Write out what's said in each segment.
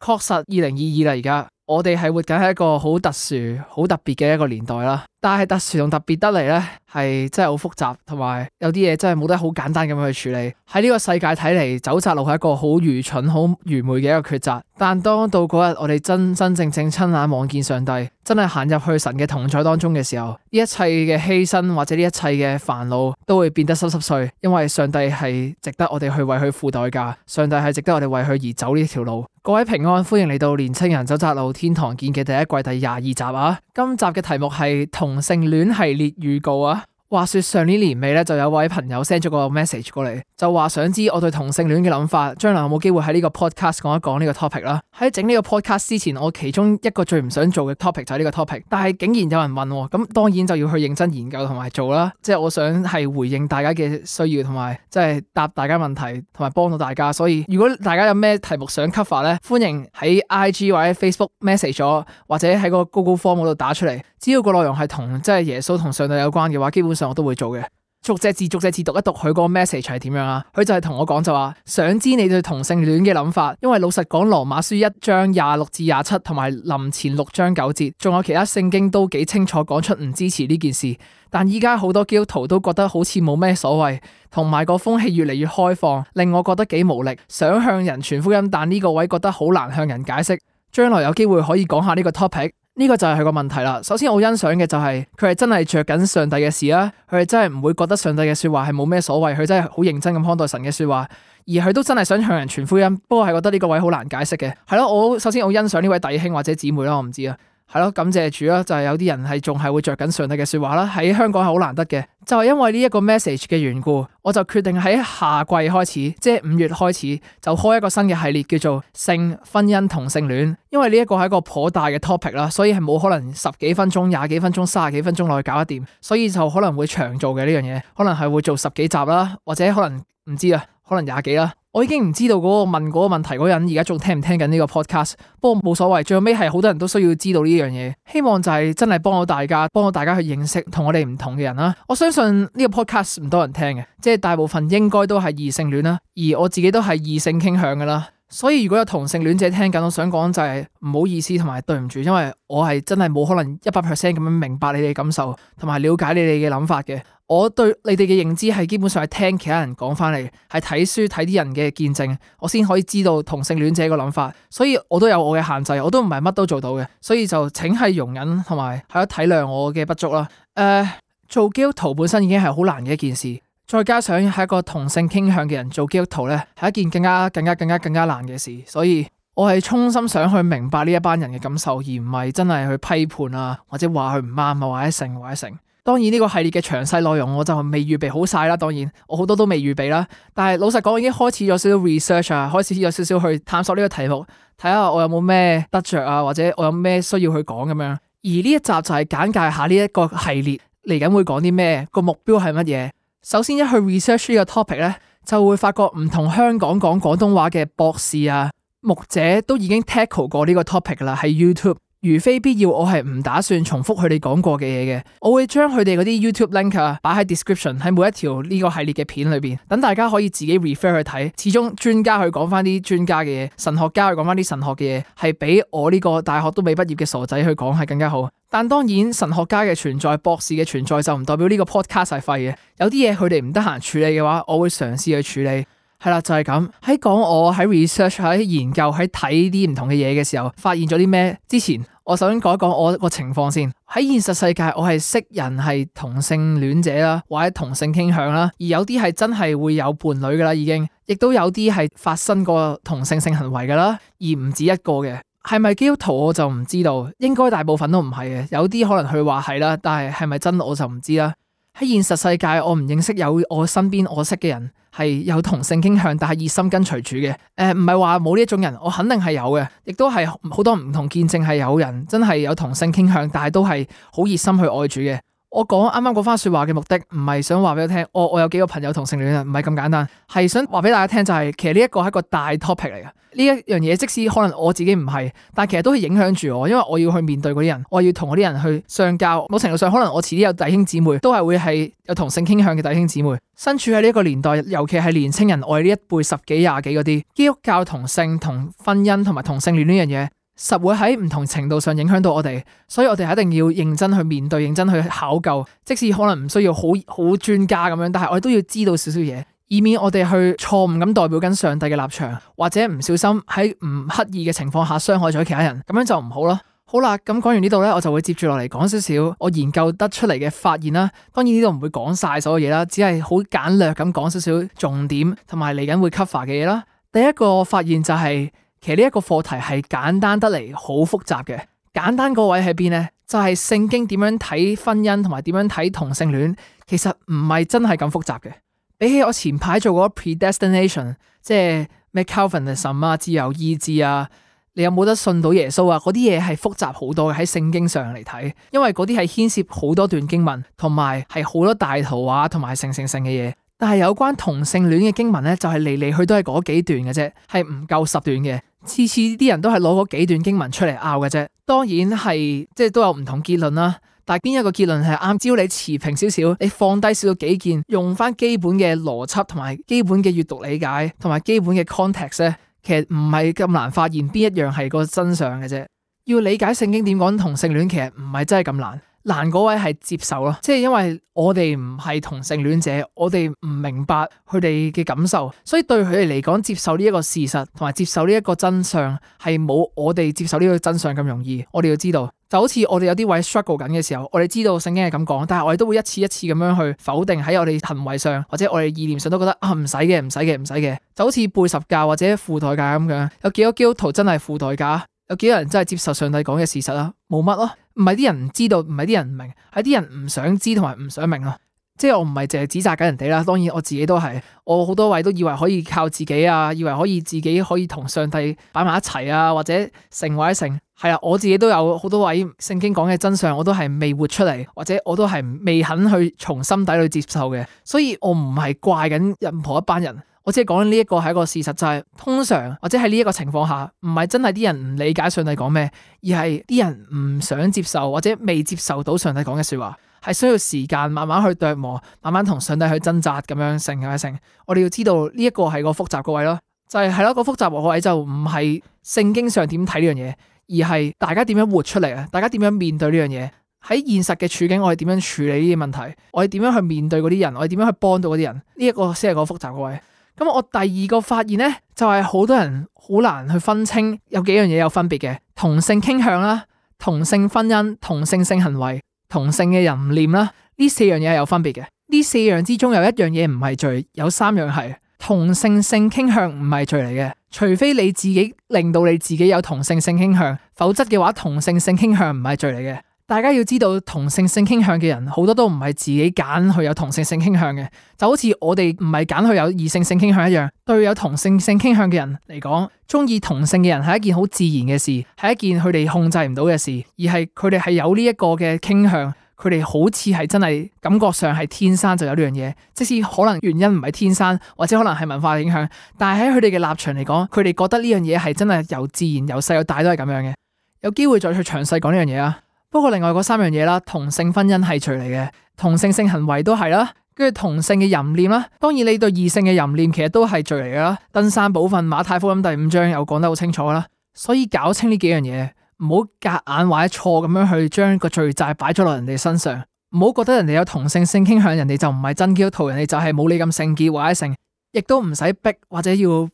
確實二零二二啦，而家我哋係活緊係一個好特殊、好特別嘅一個年代啦。但係特殊同特別得嚟呢，係真係好複雜，同埋有啲嘢真係冇得好簡單咁樣去處理。喺呢個世界睇嚟，走窄路係一個好愚蠢、好愚昧嘅一個抉擇。但當到嗰日我哋真真正正親眼望見上帝，真係行入去神嘅同在當中嘅時候，呢一切嘅犧牲或者呢一切嘅煩惱都會變得濕濕碎，因為上帝係值得我哋去為佢付代價。上帝係值得我哋為佢而走呢條路。各位平安，歡迎嚟到《年青人走窄路，天堂見》嘅第一季第廿二集啊！今集嘅題目係同。同性戀系列預告啊！話說上年年尾咧，就有位朋友 send 咗個 message 過嚟，就話想知我對同性戀嘅諗法。將來有冇機會喺呢個 podcast 講一講呢個 topic 啦？喺整呢個 podcast 之前，我其中一個最唔想做嘅 topic 就係呢個 topic，但係竟然有人問、哦，咁當然就要去認真研究同埋做啦。即係我想係回應大家嘅需要，同埋即係答大家問題，同埋幫到大家。所以如果大家有咩題目想 cover 咧，歡迎喺 IG 或者 Facebook message 咗，或者喺個 Google form 嗰度打出嚟。只要個內容係同即係耶穌同上帝有關嘅話，基本。我都會做嘅，逐隻字逐隻字讀一讀佢嗰個 message 係點樣啊？佢就係同我講就話想知你對同性戀嘅諗法，因為老實講，羅馬書一章廿六至廿七同埋林前六章九節，仲有其他聖經都幾清楚講出唔支持呢件事。但依家好多基督徒都覺得好似冇咩所謂，同埋個風氣越嚟越開放，令我覺得幾無力想向人傳福音，但呢個位覺得好難向人解釋。將來有機會可以講下呢個 topic。呢個就係佢個問題啦。首先我好欣賞嘅就係佢係真係着緊上帝嘅事啦，佢係真係唔會覺得上帝嘅說話係冇咩所謂，佢真係好認真咁看待神嘅說話，而佢都真係想向人傳福音。不過係覺得呢個位好難解釋嘅，係咯。我好首先我好欣賞呢位弟兄或者姊妹啦，我唔知啊，係咯，感謝主啦。就係、是、有啲人係仲係會着緊上帝嘅說話啦，喺香港係好難得嘅。就係因為呢一個 message 嘅緣故，我就決定喺夏季開始，即係五月開始就開一個新嘅系列，叫做性、婚姻、同性戀。因為呢一個係一個頗大嘅 topic 啦，所以係冇可能十幾分鐘、廿幾分鐘、三十幾分鐘內搞得掂，所以就可能會長做嘅呢樣嘢，可能係會做十幾集啦，或者可能唔知啊，可能廿幾啦。我已經唔知道嗰個問嗰個問題嗰人而家仲聽唔聽緊呢個 podcast，不過冇所謂，最後尾係好多人都需要知道呢樣嘢，希望就係真係幫到大家，幫到大家去認識我同我哋唔同嘅人啦。我相信呢個 podcast 唔多人聽嘅，即係大部分應該都係異性戀啦，而我自己都係異性傾向噶啦。所以如果有同性戀者聽緊，我想講就係唔好意思同埋對唔住，因為我係真係冇可能一百 percent 咁樣明白你哋嘅感受同埋了解你哋嘅諗法嘅。我對你哋嘅認知係基本上係聽其他人講返嚟，係睇書睇啲人嘅見證，我先可以知道同性戀者嘅諗法。所以我都有我嘅限制，我都唔係乜都做到嘅。所以就請係容忍同埋係度體諒我嘅不足啦。誒、呃，做基督徒本身已經係好難嘅一件事，再加上係一個同性傾向嘅人做基督徒咧，係一件更加更加更加更加難嘅事。所以我係衷心想去明白呢一班人嘅感受，而唔係真係去批判啊，或者話佢唔啱啊，或者成或者成。當然呢個系列嘅詳細內容我就未預備好晒啦，當然我好多都未預備啦。但係老實講我已經開始咗少少 research 啊，開始有少少去探索呢個題目，睇下我有冇咩得着啊，或者我有咩需要去講咁樣。而呢一集就係簡介下呢一個系列，嚟緊會講啲咩，個目標係乜嘢。首先一去 research 呢個 topic 咧，就會發覺唔同香港講廣東話嘅博士啊、牧者都已經 tackle 過呢個 topic 啦，喺 YouTube。如非必要，我係唔打算重複佢哋講過嘅嘢嘅。我會將佢哋嗰啲 YouTube link 啊擺喺 description 喺每一條呢個系列嘅片裏邊，等大家可以自己 refer 去睇。始終專家去講翻啲專家嘅嘢，神學家去講翻啲神學嘅嘢，係比我呢個大學都未畢業嘅傻仔去講係更加好。但當然，神學家嘅存在、博士嘅存在就唔代表呢個 podcast 係廢嘅。有啲嘢佢哋唔得閒處理嘅話，我會嘗試去處理。係啦，就係咁。喺講我喺 research、喺研究、喺睇啲唔同嘅嘢嘅時候，發現咗啲咩？之前我首先講一講我個情況先。喺現實世界，我係識人係同性戀者啦，或者同性傾向啦，而有啲係真係會有伴侶噶啦，已經，亦都有啲係發生過同性性行為噶啦，而唔止一個嘅。係咪基督徒我就唔知道，應該大部分都唔係嘅，有啲可能佢話係啦，但係係咪真我就唔知啦。喺現實世界，我唔認識有我身邊我識嘅人係有同性傾向，但係熱心跟隨主嘅。誒、呃，唔係話冇呢一種人，我肯定係有嘅，亦都係好多唔同見證係有人真係有同性傾向，但係都係好熱心去愛主嘅。我講啱啱嗰番說話嘅目的，唔係想話俾你聽，我我有幾個朋友同性戀啊，唔係咁簡單，係想話俾大家聽就係、是，其實呢一個係一個大 topic 嚟嘅。呢一樣嘢，即使可能我自己唔係，但其實都會影響住我，因為我要去面對嗰啲人，我要同嗰啲人去相交。某程度上，可能我遲啲有弟兄姊妹，都係會係有同性傾向嘅弟兄姊妹，身處喺呢一個年代，尤其係年青人，我哋呢一輩十幾廿幾嗰啲，基督教同性同婚姻同埋同性戀呢樣嘢。實會喺唔同程度上影響到我哋，所以我哋一定要認真去面對、認真去考究。即使可能唔需要好好專家咁樣，但係我哋都要知道少少嘢，以免我哋去錯誤咁代表緊上帝嘅立場，或者唔小心喺唔刻意嘅情況下傷害咗其他人，咁樣就唔好啦。好啦，咁講完呢度咧，我就會接住落嚟講少少我研究得出嚟嘅發現啦。當然呢度唔會講晒所有嘢啦，只係好簡略咁講少少重點，同埋嚟緊會 cover 嘅嘢啦。第一個發現就係。其實呢一個課題係簡單得嚟，好複雜嘅。簡單嗰位喺邊呢？就係聖經點樣睇婚姻，同埋點樣睇同性戀。其實唔係真係咁複雜嘅。比起我前排做嗰個 predestination，即係咩 Calvinism 啊、自由意志啊，你有冇得信到耶穌啊？嗰啲嘢係複雜好多嘅。喺聖經上嚟睇，因為嗰啲係牽涉好多段經文，同埋係好多大圖畫，同埋性性性嘅嘢。但係有關同性戀嘅經文咧，就係嚟嚟去都係嗰幾段嘅啫，係唔夠十段嘅。次次啲人都係攞嗰幾段經文出嚟拗嘅啫，當然係即係都有唔同結論啦。但係邊一個結論係啱？只要你持平少少，你放低少少己見，用翻基本嘅邏輯同埋基本嘅閱讀理解同埋基本嘅 context 咧，其實唔係咁難發現邊一樣係個真相嘅啫。要理解聖經點講同性戀，其實唔係真係咁難。難嗰位係接受咯，即係因為我哋唔係同性戀者，我哋唔明白佢哋嘅感受，所以對佢哋嚟講，接受呢一個事實同埋接受呢一個真相係冇我哋接受呢個真相咁容易。我哋要知道，就好似我哋有啲位 struggle 緊嘅時候，我哋知道聖經係咁講，但係我哋都會一次一次咁樣去否定，喺我哋行為上或者我哋意念上都覺得啊，唔使嘅、唔使嘅、唔使嘅，就好似背十架或者付代價咁樣。有幾多基督徒真係付代價？有幾多人真係接受上帝講嘅事實啊？冇乜咯，唔係啲人唔知道，唔係啲人唔明，係啲人唔想知同埋唔想明咯啊。即係我唔係淨係指責緊人哋啦，當然我自己都係，我好多位都以為可以靠自己啊，以為可以自己可以同上帝擺埋一齊啊，或者成為一成。係啊，我自己都有好多位聖經講嘅真相，我都係未活出嚟，或者我都係未肯去從心底裏接受嘅，所以我唔係怪緊任何一班人。我只係講呢一個係一個事實，就係、是、通常或者喺呢一個情況下，唔係真係啲人唔理解上帝講咩，而係啲人唔想接受或者未接受到上帝講嘅說話，係需要時間慢慢去琢磨，慢慢同上帝去掙扎咁樣生咁樣生。我哋要知道呢、這個、一個係個複雜個位咯，就係係咯個複雜個位就唔係聖經上點睇呢樣嘢，而係大家點樣活出嚟啊？大家點樣面對呢樣嘢？喺現實嘅處境，我哋點樣處理呢啲問題？我哋點樣去面對嗰啲人？我哋點樣去幫到嗰啲人？呢、這個、一個先係個複雜個位。咁我第二個發現呢，就係好多人好難去分清有幾樣嘢有分別嘅，同性傾向啦、同性婚姻、同性性行為、同性嘅人唔念啦，呢四樣嘢係有分別嘅。呢四樣之中有一樣嘢唔係罪，有三樣係同性性傾向唔係罪嚟嘅，除非你自己令到你自己有同性性傾向，否則嘅話同性性傾向唔係罪嚟嘅。大家要知道同性性傾向嘅人好多都唔係自己揀去有同性性傾向嘅，就好似我哋唔係揀去有異性性傾向一樣。對有同性性傾向嘅人嚟講，鍾意同性嘅人係一件好自然嘅事，係一件佢哋控制唔到嘅事，而係佢哋係有呢一個嘅傾向，佢哋好似係真係感覺上係天生就有呢樣嘢。即使可能原因唔係天生，或者可能係文化影響，但係喺佢哋嘅立場嚟講，佢哋覺得呢樣嘢係真係由自然由細到大都係咁樣嘅。有機會再去詳細講呢樣嘢啊！不過另外嗰三樣嘢啦，同性婚姻係罪嚟嘅，同性性行為都係啦，跟住同性嘅淫念啦，當然你對異性嘅淫念其實都係罪嚟噶啦。登山寶訓馬太福音第五章又講得好清楚啦，所以搞清呢幾樣嘢，唔好夾硬或者錯咁樣去將個罪責擺咗落人哋身上，唔好覺得人哋有同性性傾向，人哋就唔係真基督徒，人哋就係冇你咁聖潔或者聖，亦都唔使逼或者要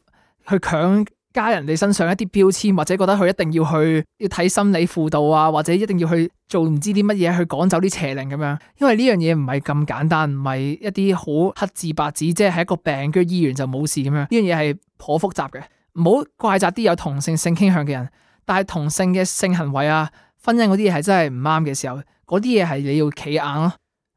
去強加人哋身上一啲標籤，或者覺得佢一定要去要睇心理輔導啊，或者一定要去做唔知啲乜嘢去趕走啲邪靈咁樣，因為呢樣嘢唔係咁簡單，唔係一啲好黑字白紙，即係一個病，跟住醫院就冇事咁樣。呢樣嘢係頗複雜嘅，唔好怪責啲有同性性傾向嘅人，但係同性嘅性行為啊、婚姻嗰啲嘢係真係唔啱嘅時候，嗰啲嘢係你要企硬咯、啊。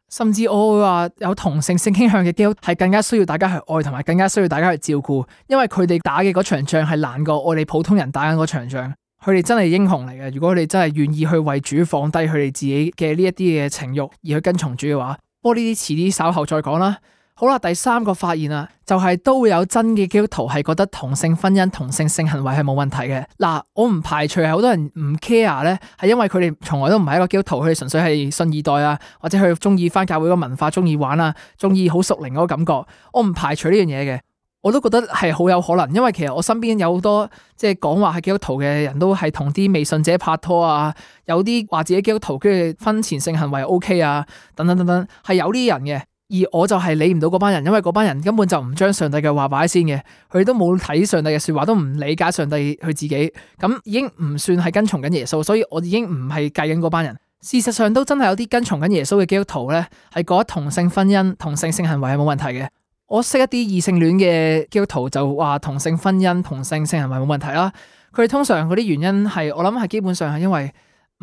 甚至我會話有同性性傾向嘅基督徒係更加需要大家去愛同埋更加需要大家去照顧，因為佢哋打嘅嗰場仗係難過我哋普通人打緊嗰場仗，佢哋真係英雄嚟嘅。如果佢哋真係願意去為主放低佢哋自己嘅呢一啲嘅情欲而去跟從主嘅話，不過呢啲遲啲稍後再講啦。好啦，第三個發現啊，就係、是、都會有真嘅基督徒係覺得同性婚姻、同性性行為係冇問題嘅。嗱，我唔排除係好多人唔 care 咧，係因為佢哋從來都唔係一個基督徒，佢哋純粹係信二代啊，或者佢中意返教會嗰個文化，中意玩啊，中意好屬靈嗰個感覺。我唔排除呢樣嘢嘅，我都覺得係好有可能，因為其實我身邊有好多即係講話係基督徒嘅人都係同啲未信者拍拖啊，有啲話自己基督徒，跟住婚前性行為 OK 啊，等等等等，係有呢啲人嘅。而我就係理唔到嗰班人，因為嗰班人根本就唔將上帝嘅話擺先嘅，佢哋都冇睇上帝嘅說話，都唔理解上帝佢自己，咁已經唔算係跟從緊耶穌，所以我已經唔係計緊嗰班人。事實上都真係有啲跟從緊耶穌嘅基督徒咧，係覺得同性婚姻、同性性行為係冇問題嘅。我識一啲異性戀嘅基督徒就話同性婚姻、同性性行為冇問題啦。佢哋通常嗰啲原因係，我諗係基本上係因為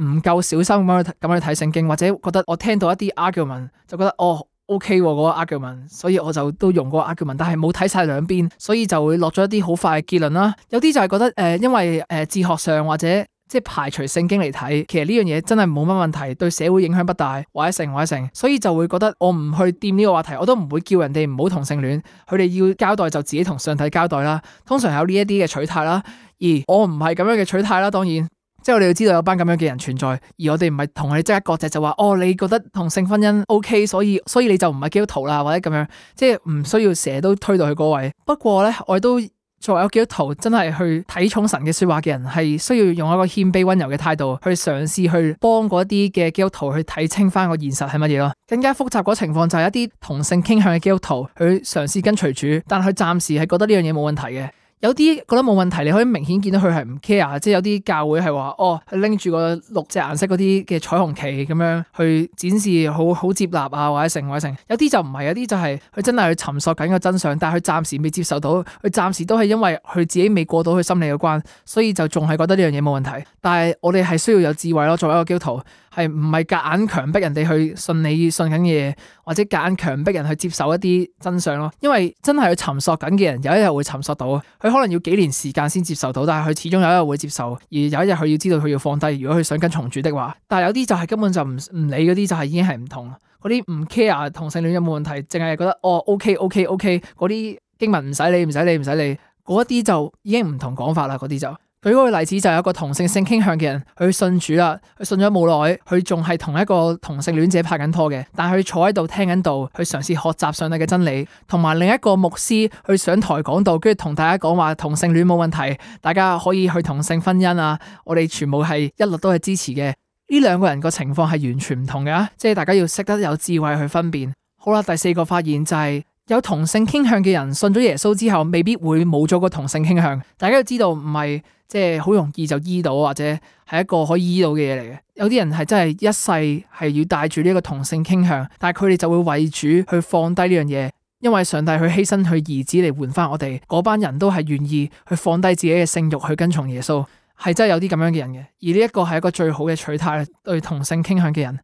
唔夠小心咁去咁去睇聖經，或者覺得我聽到一啲 argument 就覺得哦。OK，嗰個 argument，所以我就都用嗰個 argument，但係冇睇晒兩邊，所以就會落咗一啲好快嘅結論啦。有啲就係覺得誒，因為誒哲學上或者即係排除聖經嚟睇，其實呢樣嘢真係冇乜問題，對社會影響不大，或者成或者成，所以就會覺得我唔去掂呢個話題，我都唔會叫人哋唔好同性戀，佢哋要交代就自己同上帝交代啦。通常有呢一啲嘅取態啦，而我唔係咁樣嘅取態啦，當然。即係我哋要知道有班咁樣嘅人存在，而我哋唔係同佢即刻割席就話哦，你覺得同性婚姻 OK，所以所以你就唔係基督徒啦，或者咁樣，即係唔需要成日都推到去嗰位。不過咧，我哋都作為一個基督徒，真係去睇重神嘅說話嘅人，係需要用一個謙卑溫柔嘅態度去嘗試去幫嗰啲嘅基督徒去睇清翻個現實係乜嘢咯。更加複雜嗰情況就係一啲同性傾向嘅基督徒去嘗試跟隨主，但佢暫時係覺得呢樣嘢冇問題嘅。有啲覺得冇問題，你可以明顯見到佢係唔 care，即係有啲教會係話哦，佢拎住個六隻顏色嗰啲嘅彩虹旗咁樣去展示，好好接納啊或者成或者成，有啲就唔係，有啲就係佢真係去尋索緊個真相，但係佢暫時未接受到，佢暫時都係因為佢自己未過到佢心理嘅關，所以就仲係覺得呢樣嘢冇問題。但係我哋係需要有智慧咯，作為一個基督徒。係唔係夾硬強迫人哋去信你信緊嘅嘢，或者夾硬強迫人去接受一啲真相咯？因為真係去尋索緊嘅人，有一日會尋索到，佢可能要幾年時間先接受到，但係佢始終有一日會接受，而有一日佢要知道佢要放低。如果佢想跟從主的話，但係有啲就係根本就唔唔理嗰啲，就係已經係唔同啦。嗰啲唔 care 同性戀有冇問題，淨係覺得哦 OK OK OK 嗰啲經文唔使理唔使理唔使理，嗰啲就已經唔同講法啦，嗰啲就。舉個例子，就有一個同性性傾向嘅人，佢信主啦，佢信咗冇耐，佢仲係同一個同性戀者拍緊拖嘅，但係佢坐喺度聽緊度，去嘗試學習上帝嘅真理，同埋另一個牧師去上台講道，跟住同大家講話同性戀冇問題，大家可以去同性婚姻啊，我哋全部係一律都係支持嘅。呢兩個人個情況係完全唔同嘅，即係大家要識得有智慧去分辨。好啦，第四個發現就係、是。有同性傾向嘅人信咗耶穌之後，未必會冇咗個同性傾向。大家都知道，唔係即係好容易就醫到，或者係一個可以醫到嘅嘢嚟嘅。有啲人係真係一世係要帶住呢個同性傾向，但係佢哋就會為主去放低呢樣嘢，因為上帝去犧牲佢兒子嚟換翻我哋。嗰班人都係願意去放低自己嘅性欲去跟從耶穌，係真係有啲咁樣嘅人嘅。而呢一個係一個最好嘅取態對同性傾向嘅人，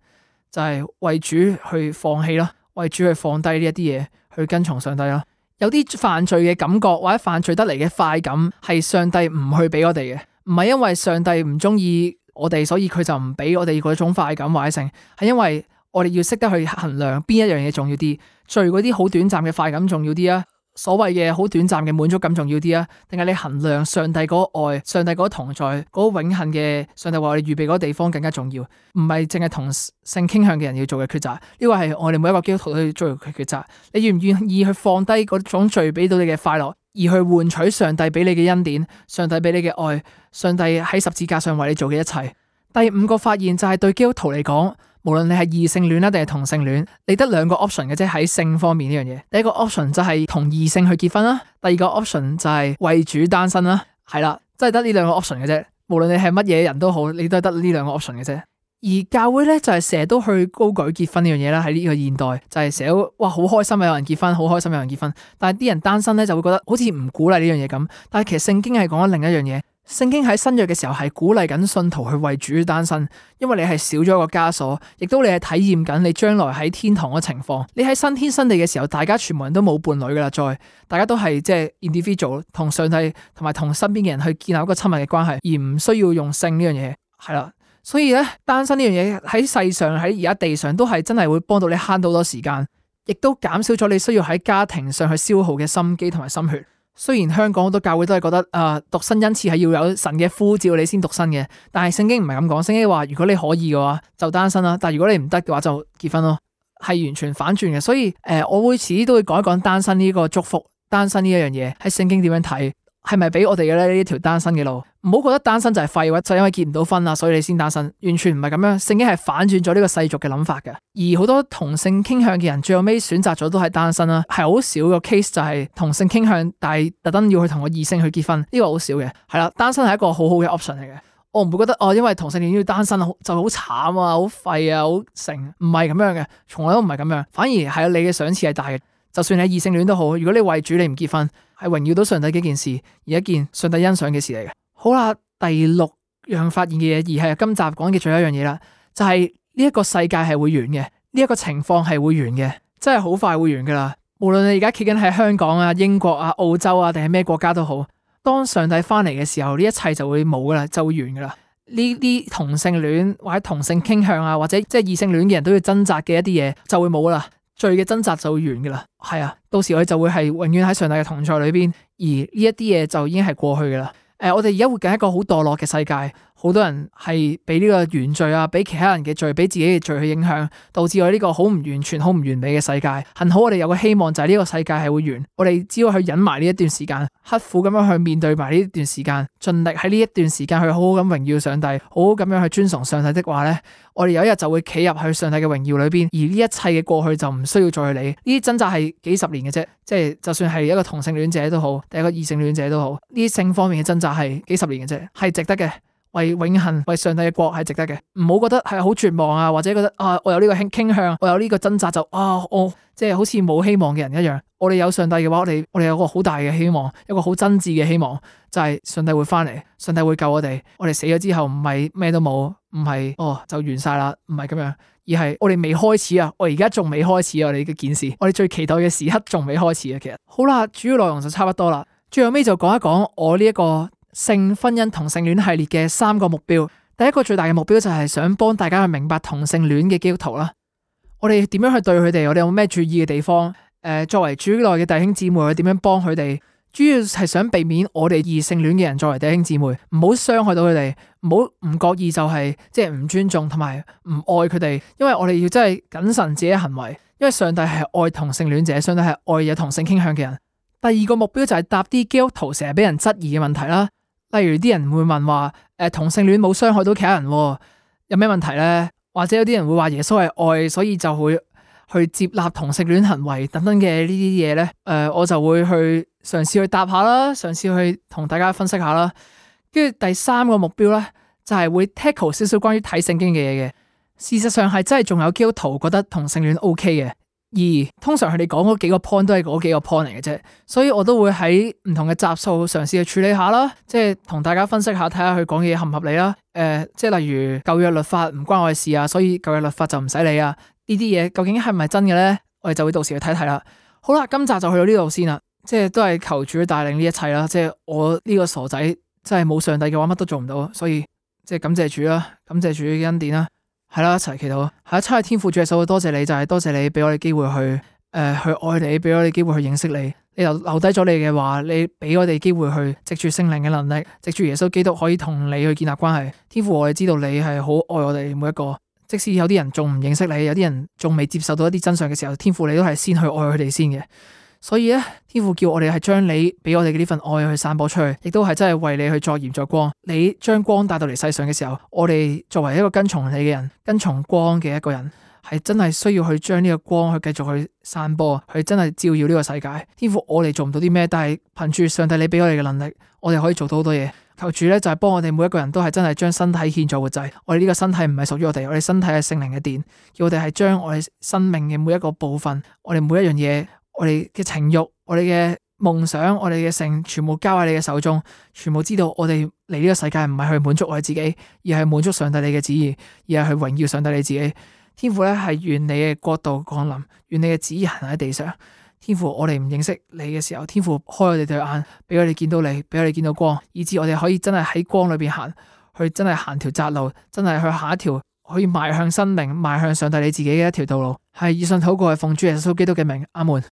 就係、是、為主去放棄咯。為主去放低呢一啲嘢，去跟從上帝咯。有啲犯罪嘅感覺或者犯罪得嚟嘅快感，係上帝唔去畀我哋嘅。唔係因為上帝唔中意我哋，所以佢就唔畀我哋嗰種快感或者性，係因為我哋要識得去衡量邊一樣嘢重要啲，罪嗰啲好短暫嘅快感重要啲啊！所謂嘅好短暫嘅滿足感重要啲啊，定係你衡量上帝嗰個愛、上帝嗰個同在、嗰、那個、永恆嘅上帝話我哋預備嗰個地方更加重要？唔係淨係同性傾向嘅人要做嘅抉擇，呢個係我哋每一個基督徒都要做嘅抉擇。你願唔願意去放低嗰種罪俾到你嘅快樂，而去換取上帝俾你嘅恩典、上帝俾你嘅愛、上帝喺十字架上為你做嘅一切？第五個發現就係對基督徒嚟講。無論你係異性戀呀，定係同性戀，你得兩個 option 嘅啫，喺性方面呢樣嘢。第一個 option 就係同異性去結婚啦，第二個 option 就係為主單身啦。係啦，真係得呢兩個 option 嘅啫。無論你係乜嘢人都好，你都係得呢兩個 option 嘅啫。而教會咧就係成日都去高舉結婚呢樣嘢啦，喺呢個現代就係成日都哇，好開心有人結婚，好開心有人結婚，但係啲人單身咧就會覺得好似唔鼓勵呢樣嘢咁。但係其實聖經係講緊另一樣嘢。聖經喺新約嘅時候係鼓勵緊信徒去為主單身，因為你係少咗一個枷鎖，亦都你係體驗緊你將來喺天堂嘅情況。你喺新天新地嘅時候，大家全部人都冇伴侶噶啦，再大家都係即係 individual，同上帝同埋同身邊嘅人去建立一個親密嘅關係，而唔需要用性呢樣嘢係啦。所以咧，單身呢樣嘢喺世上喺而家地上都係真係會幫到你慳到好多時間，亦都減少咗你需要喺家庭上去消耗嘅心機同埋心血。雖然香港好多教會都係覺得誒、呃、獨身恩賜係要有神嘅呼召你先讀新嘅，但係聖經唔係咁講。聖經話如果你可以嘅話就單身啦，但如果你唔得嘅話就結婚咯，係完全反轉嘅。所以誒、呃、我會遲啲都會講一講單身呢個祝福，單身呢一樣嘢喺聖經點樣睇。係咪畀我哋嘅咧呢條單身嘅路？唔好覺得單身就係廢物，就因為結唔到婚啦，所以你先單身，完全唔係咁樣。聖經係反轉咗呢個世俗嘅諗法嘅。而好多同性傾向嘅人最後尾選擇咗都係單身啦，係好少個 case 就係同性傾向，但係特登要去同個異性去結婚呢個好少嘅。係啦，單身係一個好好嘅 option 嚟嘅。我唔會覺得哦，因為同性戀要單身就好慘啊，好廢啊，好成，唔係咁樣嘅，從來都唔係咁樣，反而係你嘅賞賜係大嘅。就算你係異性戀都好，如果你為主你唔結婚，係榮耀到上帝嘅件事，而一件上帝欣賞嘅事嚟嘅。好啦，第六樣發現嘅嘢，而係今集講嘅最後一樣嘢啦，就係呢一個世界係會完嘅，呢一個情況係會完嘅，真係好快會完噶啦。無論你而家企緊喺香港啊、英國啊、澳洲啊，定係咩國家都好，當上帝翻嚟嘅時候，呢一切就會冇噶啦，就會完噶啦。呢啲同性戀或者同性傾向啊，或者即係異性戀嘅人都要掙扎嘅一啲嘢，就會冇啦。罪嘅掙扎就完噶啦，係啊，到時我哋就會係永遠喺上帝嘅同在裏邊，而呢一啲嘢，就已經係過去噶啦。誒、呃，我哋而家活緊一個好墮落嘅世界。好多人係俾呢個原罪啊，俾其他人嘅罪，俾自己嘅罪去影響，導致我呢個好唔完全、好唔完美嘅世界。幸好我哋有個希望，就係呢個世界係會完。我哋只要去忍埋呢一段時間，刻苦咁樣去面對埋呢一段時間，盡力喺呢一段時間去好好咁榮耀上帝，好好咁樣去尊崇上帝的話咧，我哋有一日就會企入去上帝嘅榮耀裏邊，而呢一切嘅過去就唔需要再去理。呢啲掙扎係幾十年嘅啫，即係就算係一個同性戀者都好，定係一個異性戀者都好，呢啲性方面嘅掙扎係幾十年嘅啫，係值得嘅。為永恒、為上帝嘅國係值得嘅，唔好覺得係好絕望啊，或者覺得啊，我有呢個傾向，我有呢個掙扎就啊，我即係好似冇希望嘅人一樣。我哋有上帝嘅話，我哋我哋有個好大嘅希望，一個好真摯嘅希望，就係、是、上帝會翻嚟，上帝會救我哋。我哋死咗之後唔係咩都冇，唔係哦就完晒啦，唔係咁樣，而係我哋未開，開始啊，我而家仲未開始啊，我哋嘅件事，我哋最期待嘅時刻仲未開始啊，其實。好啦，主要內容就差不多啦，最後尾就講一講我呢、這、一個。性、婚姻、同性戀系列嘅三個目標，第一個最大嘅目標就係想幫大家去明白同性戀嘅基督徒啦。我哋點樣去對佢哋？我哋有咩注意嘅地方？誒、呃，作為主內嘅弟兄姊妹，我哋點樣幫佢哋？主要係想避免我哋異性戀嘅人作為弟兄姊妹，唔好傷害到佢哋，唔好唔覺意就係即係唔尊重同埋唔愛佢哋。因為我哋要真係謹慎自己嘅行為，因為上帝係愛同性戀者，上帝係愛有同性傾向嘅人。第二個目標就係答啲基督徒成日俾人質疑嘅問題啦。例如啲人會問話，誒、呃、同性戀冇傷害到其他人喎，有咩問題咧？或者有啲人會話耶穌係愛，所以就會去接納同性戀行為等等嘅呢啲嘢咧。誒、呃，我就會去嘗試去答下啦，嘗試去同大家分析下啦。跟住第三個目標咧，就係、是、會 tackle 少少關於睇聖經嘅嘢嘅。事實上係真係仲有基督徒覺得同性戀 OK 嘅。二、通常係你講嗰幾個 point 都係嗰幾個 point 嚟嘅啫，所以我都會喺唔同嘅集數嘗試去處理下啦，即係同大家分析下，睇下佢講嘢合唔合理啦。誒、呃，即係例如舊約律法唔關我哋事啊，所以舊約律法就唔使理啊。呢啲嘢究竟係唔係真嘅咧？我哋就會到時去睇睇啦。好啦，今集就去到呢度先啦。即係都係求主帶領呢一切啦。即係我呢個傻仔真係冇上帝嘅話，乜都做唔到，所以即係感謝主啦、啊，感謝主嘅恩典啦、啊。係啦， 一齊祈禱啦！係啊，親愛嘅天父，主耶穌，多謝你，就係多謝你畀我哋機會去誒、呃、去愛你，畀我哋機會去認識你。你又留低咗你嘅話，你畀我哋機會去藉住聖靈嘅能力，藉住耶穌基督可以同你去建立關係。天父，我哋知道你係好愛我哋每一個，即使有啲人仲唔認識你，有啲人仲未接受到一啲真相嘅時候，天父你都係先去愛佢哋先嘅。所以咧，天父叫我哋係將你俾我哋嘅呢份愛去散播出去，亦都係真係為你去作鹽作光。你將光帶到嚟世上嘅時候，我哋作為一個跟從你嘅人，跟從光嘅一個人，係真係需要去將呢個光去繼續去散播，去真係照耀呢個世界。天父，我哋做唔到啲咩？但係憑住上帝你俾我哋嘅能力，我哋可以做到好多嘢。求主咧，就係、是、幫我哋每一個人都係真係將身體獻做活祭。我哋呢個身體唔係屬於我哋，我哋身體係聖靈嘅殿，叫我哋係將我哋生命嘅每一個部分，我哋每一樣嘢。我哋嘅情欲，我哋嘅夢想，我哋嘅性，全部交喺你嘅手中，全部知道我哋嚟呢個世界唔係去滿足我哋自己，而係滿足上帝你嘅旨意，而係去榮耀上帝你自己。天父咧係願你嘅國度降臨，願你嘅旨意行喺地上。天父，我哋唔認識你嘅時候，天父開我哋對眼，畀我哋見到你，畀我哋見到光，以至我哋可以真係喺光裏邊行，去真係行條窄路，真係去下一條可以邁向生命，邁向上帝你自己嘅一條道路。係以上禱告奉主耶穌基督嘅名，阿門。